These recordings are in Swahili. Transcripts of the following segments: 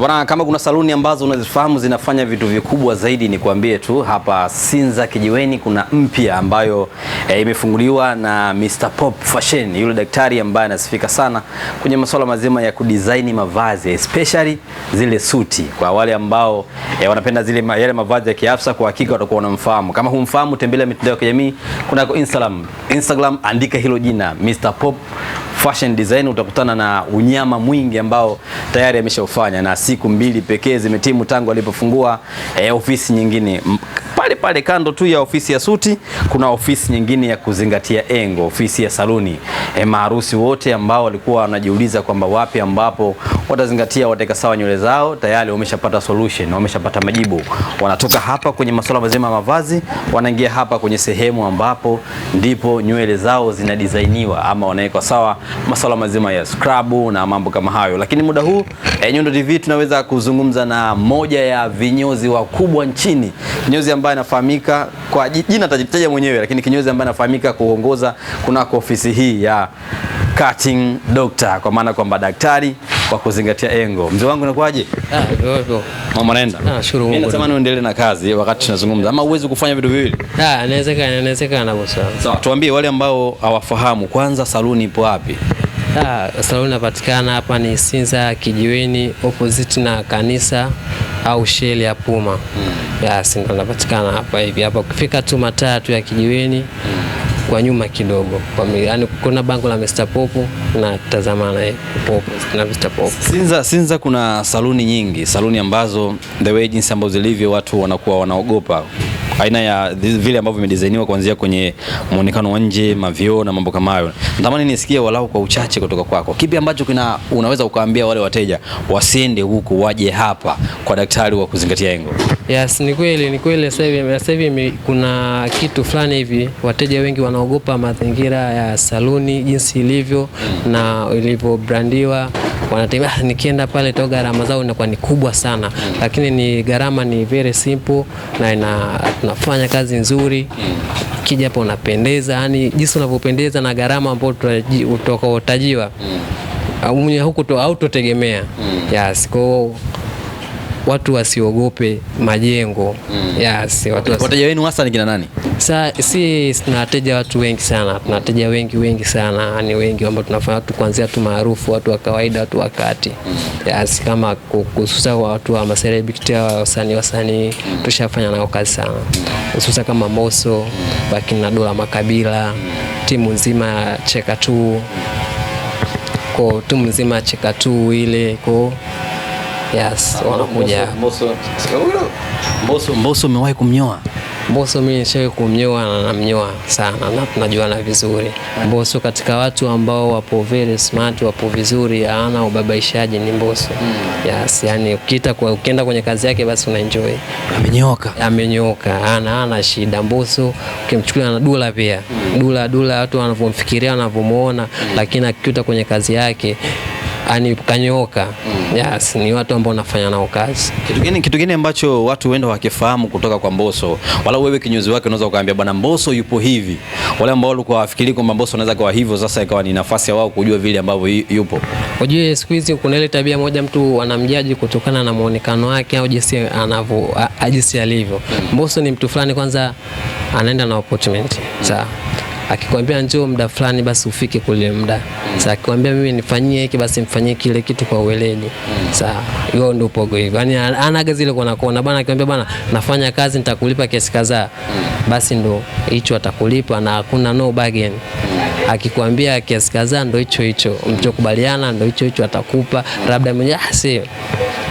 Bwana, kama kuna saluni ambazo unazifahamu zinafanya vitu vikubwa zaidi, ni kuambie tu hapa Sinza Kijiweni kuna mpya ambayo e, imefunguliwa na Mr Pop Fashion, yule daktari ambaye anasifika sana kwenye masuala mazima ya kudesign mavazi especially zile suti. Kwa wale ambao e, wanapenda zile yale mavazi ya kiafsa, kwa hakika watakuwa wanamfahamu. Kama humfahamu, tembelea mitandao ya kijamii kunako Instagram, Instagram andika hilo jina Mr Pop fashion design utakutana na unyama mwingi ambao tayari ameshaufanya, na siku mbili pekee zimetimu tangu alipofungua eh, ofisi nyingine pale pale kando tu ya ofisi ya suti kuna ofisi nyingine ya kuzingatia engo, ofisi ya saluni. E, maharusi wote ambao walikuwa wanajiuliza kwamba wapi ambapo watazingatia wateka sawa nywele zao, tayari wameshapata solution, wameshapata majibu. Wanatoka hapa kwenye masuala mazima ya mavazi, wanaingia hapa kwenye sehemu ambapo ndipo nywele zao zinadizainiwa ama wanawekwa sawa, masuala mazima ya scrub na mambo kama hayo. Lakini muda huu e, Nyundo TV tunaweza kuzungumza na moja ya vinyozi wakubwa nchini, vinyozi ambao ambaye anafahamika kwa jina atajitaja mwenyewe, lakini kinyozi ambaye anafahamika kuongoza kunako ofisi hii ya cutting doctor, kwa maana kwamba daktari kwa kuzingatia engo. Mzee wangu nakuaje? Ah, Mama naenda. Ah, Mimi natamani uendelee na kazi wakati tunazungumza, ama uwezi kufanya vitu viwili? Ah, inawezekana, inawezekana boss. Sawa, tuambie wale ambao hawafahamu kwanza saluni ipo wapi? Ah, saluni inapatikana hapa ni Sinza kijiweni, opposite na kanisa au sheli ya Puma. Mm. Yes, ndo inapatikana hapa hivi hapa, ukifika tu mataa tu ya kijiweni, mm. kwa nyuma kidogo, yaani kuna bango la Mr. Popo natazama na eh, pop na Mr. Pop. Sinza, Sinza kuna saluni nyingi, saluni ambazo the way jinsi ambazo zilivyo watu wanakuwa wanaogopa aina ya vile ambavyo imedizainiwa kuanzia kwenye muonekano wa nje, mavio na mambo kama hayo. Natamani nisikie walau kwa uchache kutoka kwako, kipi ambacho kina unaweza ukaambia wale wateja wasiende huku, waje hapa kwa daktari wa kuzingatia engo? Yes, ni kweli, ni kweli. Sasa hivi kuna kitu fulani hivi wateja wengi wanaogopa mazingira ya saluni jinsi ilivyo, na ilivyobrandiwa wanatembea. Ah, nikienda pale to gharama zao inakuwa ni kubwa sana, lakini ni gharama ni very simple na ina, tunafanya kazi nzuri kija hapo unapendeza, yani jinsi unavyopendeza na gharama ambayo utakaotajiwa mm. mwenye huku mm. Yes, kwa watu wasiogope majengo mm. Yes, watu wateja wenu hasa ni kina nani? Sa, si tuna watu wengi sana, tuna wengi wengi sana, ni wengi ambao tunafanya watu kuanzia tu maarufu, watu wa kawaida, watu wa kati mm. Yes, kama hususa kwa watu wa maselebriti wa wasanii wasanii mm. tushafanya nao kazi sana, mm. hususa kama Moso mm. Bakina, Dola Makabila, mm. timu nzima Cheka tu ko timu nzima Cheka tu ile ko Yes, ah, wanakuja Mbosso. umewahi kumnyoa? Mbosso mimi nishawahi kumnyoa na namnyoa sana na tunajuana vizuri. Eh. Mbosso katika watu ambao wapo very smart, wapo vizuri, hana ubabaishaji ni Mbosso. Hmm. Yes, yani ukita kwa ukienda kwenye kazi yake basi unaenjoy. enjoy. Amenyooka. Hana hana shida Mbosso. Ukimchukulia na Dula pia. Hmm. Dula Dula watu wanavyomfikiria wanavyomuona, hmm. Lakini akikuta kwenye kazi yake anikanyooka mm. Yes, ni watu ambao unafanya nao kazi. Kitu gani kitu gani ambacho watu wenda wakifahamu kutoka kwa Mbosso, wala wewe kinyozi wake unaweza ukaambia bwana Mbosso yupo hivi, wale ambao walikuwa wafikiri kwamba Mbosso anaweza kuwa hivyo, sasa ikawa ni nafasi ya wao kujua vile ambavyo yupo. Unajua siku hizi kuna ile tabia moja, mtu anamjaji kutokana na muonekano wake au jinsi anavyo ajisi alivyo. Hmm. Mbosso ni mtu fulani, kwanza anaenda na appointment. Sawa akikwambia njoo muda fulani, basi ufike kule muda. Sasa akikwambia mimi nifanyie hiki, basi mfanyie kile kitu kwa uweledi. Sasa hiyo ndio pogo hivyo, yani anaga zile kwa kona bwana, Akikwambia bwana, nafanya kazi nitakulipa kiasi kadhaa, basi ndo hicho atakulipa, na hakuna no bargain. Akikwambia kiasi kadhaa, ndo hicho hicho mchokubaliana, ndo hicho hicho atakupa, labda mwenye ah, sio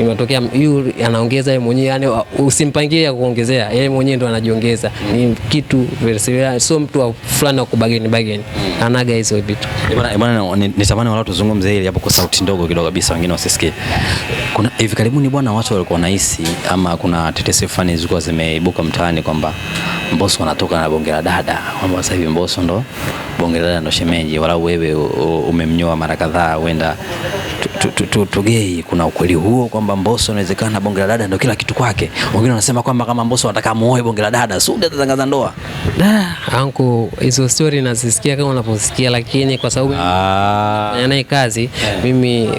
imetokea yule anaongeza yeye mwenyewe, yani usimpangie ya kuongezea yeye mwenyewe ndo anajiongeza. Ni kitu versa, sio mtu wa fulani wa kubageni bageni, anaga hizo vitu bwana. bwana. Nitamani wala tuzungumze ile hapo kwa sauti ndogo kidogo kabisa, wengine wasisikie. Kuna hivi karibuni bwana, watu walikuwa wanahisi ama kuna tetesi fulani zilikuwa zimeibuka mtaani kwamba Mbosso anatoka na bonge la dada, kwamba sasa hivi Mbosso ndo bonge la dada ndo shemeji, wala wewe umemnyoa mara kadhaa, huenda tugei, kuna ukweli huo kwamba Mbosso inawezekana bonge la dada ndio kila kitu kwake. Wengine wanasema kwamba kama Mbosso anataka muoe bonge la dada, Sude atatangaza ndoa. Da, anko hizo story nazisikia kama unaposikia, lakini kwa sababu ah, naye kazi yeah. Mimi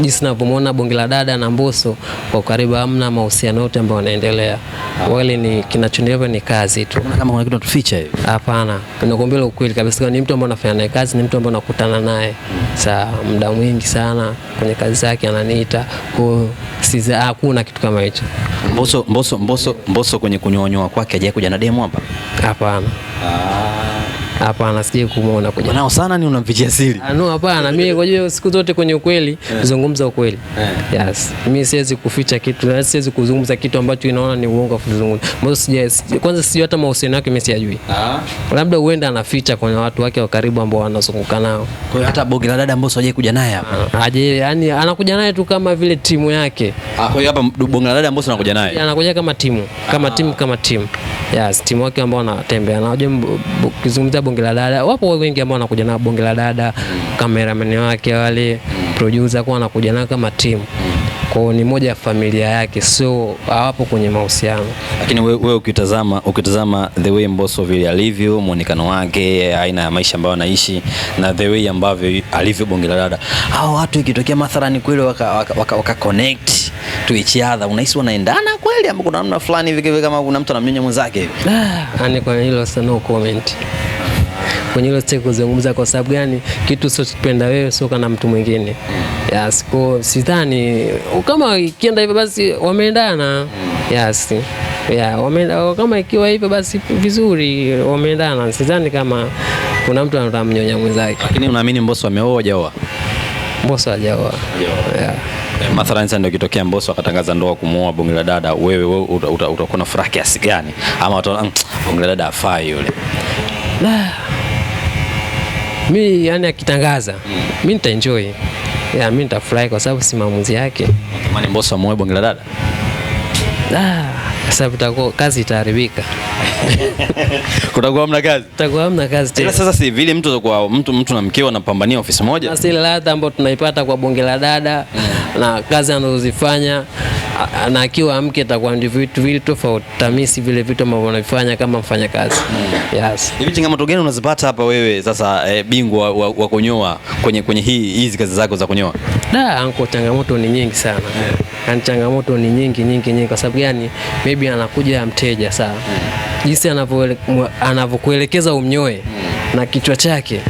jinsi ninavyomwona bonge la dada na Mbosso kwa karibu hamna mahusiano yote ambayo yanaendelea ah. wale, ni kinachoniwa ni kazi tu, kama kuna kitu tuficha hivi. Hapana, nakuambia ukweli kabisa, ni mtu ambaye anafanya naye kazi, ni mtu ambaye nakutana naye hmm. saa muda mwingi sana kwenye anafanya kazi zake, ananiita kwa siza, hakuna kitu kama hicho. Mboso, mboso, mboso, mboso kwenye kunyonyoa kwake hajakuja na demo hapa? Hapana. Ah. Hapana, sije kumuona kwa nao sana, ni unampitia siri? Ah, no, hapana. Mimi kwa hiyo siku zote kwenye ukweli yeah. Zungumza ukweli yeah. Yes, mimi siwezi kuficha kitu na siwezi kuzungumza kitu ambacho inaona ni uongo kuzungumza. Mbona sije kwanza, sijui hata mahusiano yake, mimi sijui ah, labda huenda anaficha kwenye watu wake wa karibu ambao wanazunguka nao. Kwa hiyo hata bogi la dada ambao sijaje kuja naye hapa ah, aje, yani anakuja naye tu kama vile timu yake. Ah, kwa hiyo hapa bogi la dada ambao anakuja naye anakuja kama timu kama ah. timu kama timu, yes, timu yake ambao anatembea na unajua kizungumzia bonge la dada, wapo wengi ambao wanakuja na bonge la dada, cameraman wake wale, producer kwa anakuja na kama team kwa ni moja ya familia yake, so hawapo kwenye mahusiano. Lakini wewe we ukitazama ukitazama the way Mbosso vile alivyo, muonekano wake, aina ya maisha ambayo anaishi na the way ambavyo alivyo bonge la dada, hao watu ikitokea mathalani kweli waka, waka, waka, waka connect to each other, unahisi wanaendana kweli, ama kuna namna fulani hivi kama kuna mtu anamnyonya mwenzake hivi? Ah, yani kwa hilo sana no comment kwenye hilo sitaki kuzungumza. Kwa sababu gani? Kitu sio kipenda wewe, sio kana mtu mwingine. Yes, kwa sidhani kama ikienda hivyo basi wameendana. Yes. Yeah, wameenda kama ikiwa hivyo basi vizuri, wameendana. Sidhani kama kuna mtu anamnyonya mwenzake. Lakini unaamini Mbosso ameoa hajaoa? Mbosso hajaoa. Yeah. Mathalani sasa ndio kitokea Mbosso akatangaza ndoa kumuoa bonge la dada, wewe wewe utakuwa uta, uta, na furaha kiasi gani? Ama watu mm, bonge la dada afai yule. Ah mi yani akitangaza mm. mi nitaenjoy ya mi nitafurahi kwa sababu si maamuzi yake. mani amuoe mwe la dada ah sababu utakuwa kazi itaharibika. Kutakuwa hamna kazi. tutakuwa hamna kazi tena. Sasa si vile mtu atakuwa mtu mtu na mkeo anapambania ofisi moja. na ile ladha ambayo tunaipata kwa bonge la dada hmm. na kazi anazozifanya na akiwa mke atakuwa ni vitu vile tofauti, tamisi vile vitu ambavyo anafanya kama kazi. Hmm. Yes. Hivi changamoto gani unazipata hapa wewe sasa e, bingwa wa, wa kunyoa kwenye kwenye hii hizi kazi zako za kunyoa? Da, anko changamoto ni nyingi sana. Yeah. Hmm yani changamoto ni nyingi nyingi nyingi. Kwa sababu gani? Maybe anakuja mteja saa jinsi anavyokuelekeza umnyoe na kichwa chake,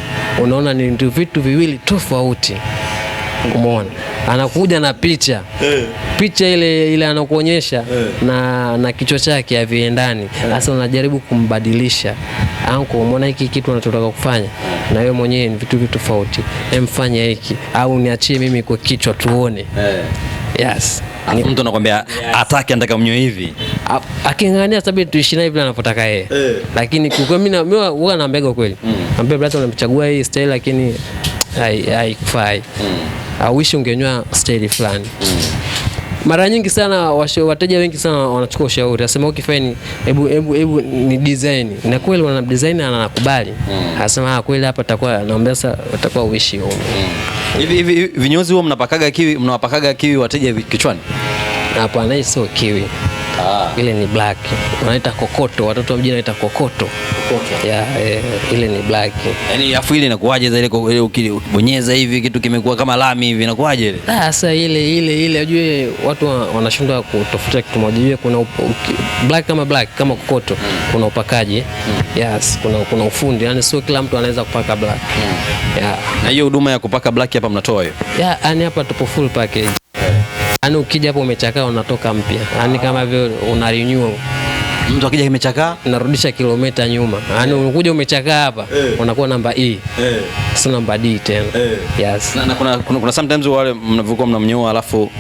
unaona ni vitu viwili tofauti. Umeona, anakuja na picha eh. picha ile ile anakuonyesha eh. na, na kichwa chake haviendani. Eh. Sasa unajaribu kumbadilisha anko, umeona hiki kitu anachotaka kufanya na wewe mwenyewe ni vitu vitu tofauti, emfanya hiki au niachie mimi kwa kichwa tuone. Yes mtu anakwambia ataki anataka mnywe hivi, aking'ang'ania sabi tuishi naye vile anapotaka yeye, eh. lakini kwa mimi na mimi huwa naambia kweli, mm. ambia brother, unamchagua hii style lakini haikufai, au mm. wish ungenywa style fulani mm. Mara nyingi sana washo, wateja wengi sana wanachukua ushauri, asema ukifaini hebu hebu hebu ni design, na kweli wana design anakubali, anasema hmm. ah, kweli hapa takuwa naomba sasa utakuwa uishi huko hmm. hivi hivi. Vinyozi huo mnapakaga kiwi, mnawapakaga kiwi wateja kichwani? Hapana, hii sio kiwi. Ah. Ile ni black. Wanaita kokoto, watoto wa mjini wanaita kokoto yeah, eh, yaani afu ile inakuaje ukibonyeza hivi kitu kimekuwa kama lami hivi inakuaje ile? Ah, sasa ile ile ile ajue watu wanashindwa kutafuta kitu moja. Jue kuna black kama black kama kokoto kuna upakaji. mm. Yes, kuna kuna ufundi. yani sio kila mtu anaweza kupaka black. Yeah. Na hiyo huduma ya kupaka black hapa mnatoa hiyo? Yeah, yani hapa tupo full package. Yaani ukija hapo umechakaa unatoka mpya. Yaani kama vile una renew mtu akija kimechakaa narudisha kilomita nyuma, eh. yaani unakuja umechakaa hapa eh. unakuwa namba E, eh. sio namba D tena. Yes. Na kuna sometimes wale mnavyokuwa mnamnyoa alafu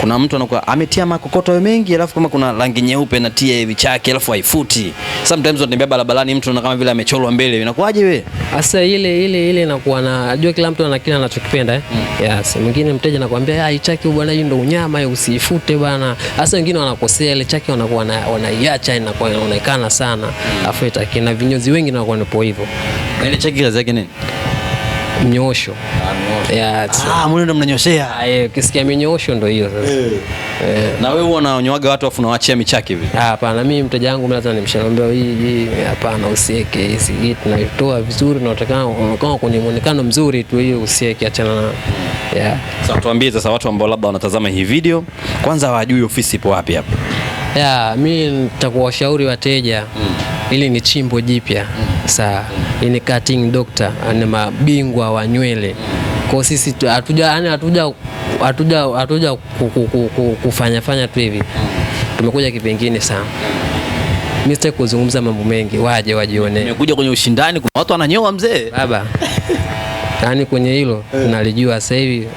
kuna mtu anakuwa ametia makokoto mengi, alafu kama kuna rangi nyeupe na tia hivi chake, alafu haifuti. Sometimes unatembea barabarani mtu na kama vile amecholwa mbele, inakuwaje wewe? Asa ile ile ile inakuwa na ajua, kila mtu ana kile anachokipenda eh. Mm. Yes, mwingine mteja anakuambia ah, chake bwana, hii ndio unyama, hiyo eh, usifute bwana. Asa wengine wanakosea ile chake, wanakuwa wanaiacha, na kwa inaonekana sana, hmm. alafu itaki itakina vinyozi wengi, na kwa nipo hivyo ile chake kazi yake nini? Mnyosho Ah, ndo mnanyoshea ah, eh, ukisikia minyosho ndo hiyo sasa. Eh. Eh. Na wewe huwa unaonyoaga watu afu unawaachia michaki hivi? Ah, Hapana, mimi mteja wangu lazima nimshaambia hii, hapana, usieke hizi, tunaitoa vizuri, na utakao nataka kwenye muonekano mzuri tu, hiyo usieke achana na yeah. Sasa so, tuambie sasa watu ambao labda wanatazama hii video, kwanza hawajui ofisi ipo wapi hapa? Yeah, mimi nitakuwashauri wateja mm. ili ni chimbo jipya mm. Sasa mm. ni cutting doctor, ana mabingwa wa nywele mm. Kwa sisi hatuja yani hatuja hatuja hatuja kufanya fanya tu hivi, tumekuja kipengine sana. Mimi sitaki kuzungumza mambo mengi, waje wajione. Nimekuja kwenye ushindani, kuna watu wananyoa mzee baba yani kwenye hilo nalijua sasa hivi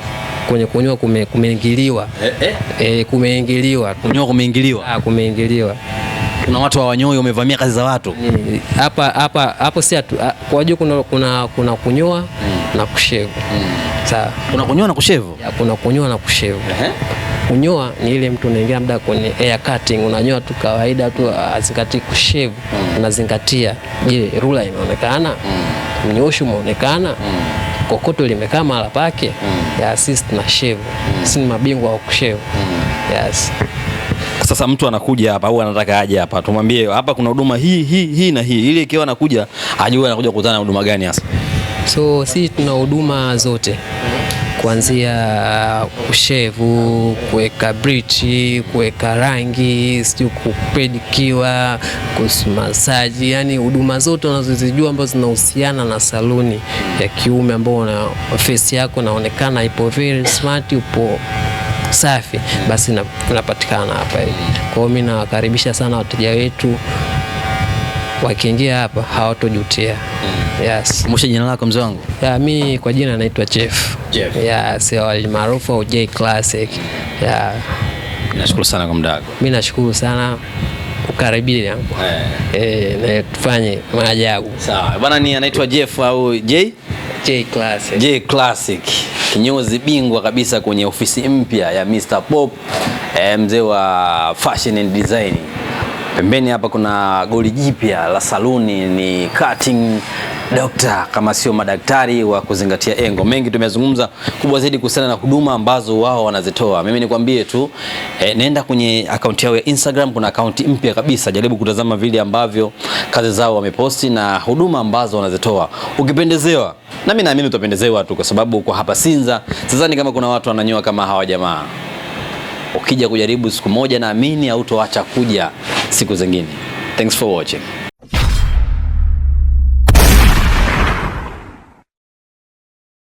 kwenye kunyoa kumeingiliwa, eh, eh. Eh, kumeingiliwa, kunyoa kumeingiliwa, ah, kumeingiliwa kuna watu wa wanyoi wamevamia kazi za watu eh, hapa hapa hapo, si kwa ah, juu kuna, kuna, kuna kunyoa mm. na kushevu mm. sawa. Kuna kunyoa na kushevu ya, kuna kunyoa na kushevu uh -huh. Kunyoa ni ile mtu unaingia labda kwenye hair cutting, unanyoa tu kawaida tu, ah, azingatii kushevu mm. unazingatia je, rula imeonekana mm. mnyoshi umeonekana mm. kokoto limekaa mahala pake mm. ya sisi tuna shevu mm. sisi ni mabingwa wa kushevu mm. yes. Sasa mtu anakuja hapa au anataka aje hapa, tumwambie hapa kuna huduma hii hii hii na hii, ili ikiwa anakuja ajue anakuja kukutana na huduma gani hasa. So sisi tuna huduma zote kuanzia ushevu, kuweka brichi, kuweka rangi, sijui kupedikiwa, kusumasaji yani huduma zote unazozijua ambazo zinahusiana na saluni ya kiume, ambao una face yako naonekana ipo very smart, upo safi basi napatikana hapa hivi. Kwa hiyo mimi nawakaribisha sana wateja wetu wakiingia hapa hawatojutia. Mm. Yes. Mwisho, jina lako mzee wangu? Ya, mi kwa jina naitwa Jeff. Jeff. Ya, si maarufu au J Classic. Ya. Nashukuru sana kwa muda wako. Mimi nashukuru sana ukaribia. Eh. eh, na tufanye maajabu. Sawa. Bwana ni anaitwa Jeff au J? J Classic. J Classic kinyozi bingwa kabisa kwenye ofisi mpya ya Mr Pop, eh, mzee wa fashion and design. Pembeni hapa kuna goli jipya la saluni ni cutting dokta kama sio madaktari wa kuzingatia engo. Mengi tumezungumza, kubwa zaidi kuhusiana na huduma ambazo wao wanazitoa. Mimi nikwambie tu e, nenda kwenye akaunti yao ya Instagram, kuna akaunti mpya kabisa. Jaribu kutazama vile ambavyo kazi zao wameposti na huduma ambazo wanazitoa, ukipendezewa na mimi naamini utapendezewa tu, kwa sababu kwa hapa Sinza sidhani kama kuna watu wananyoa kama hawa jamaa. Ukija kujaribu siku moja, naamini hautoacha kuja siku zingine. Thanks for watching.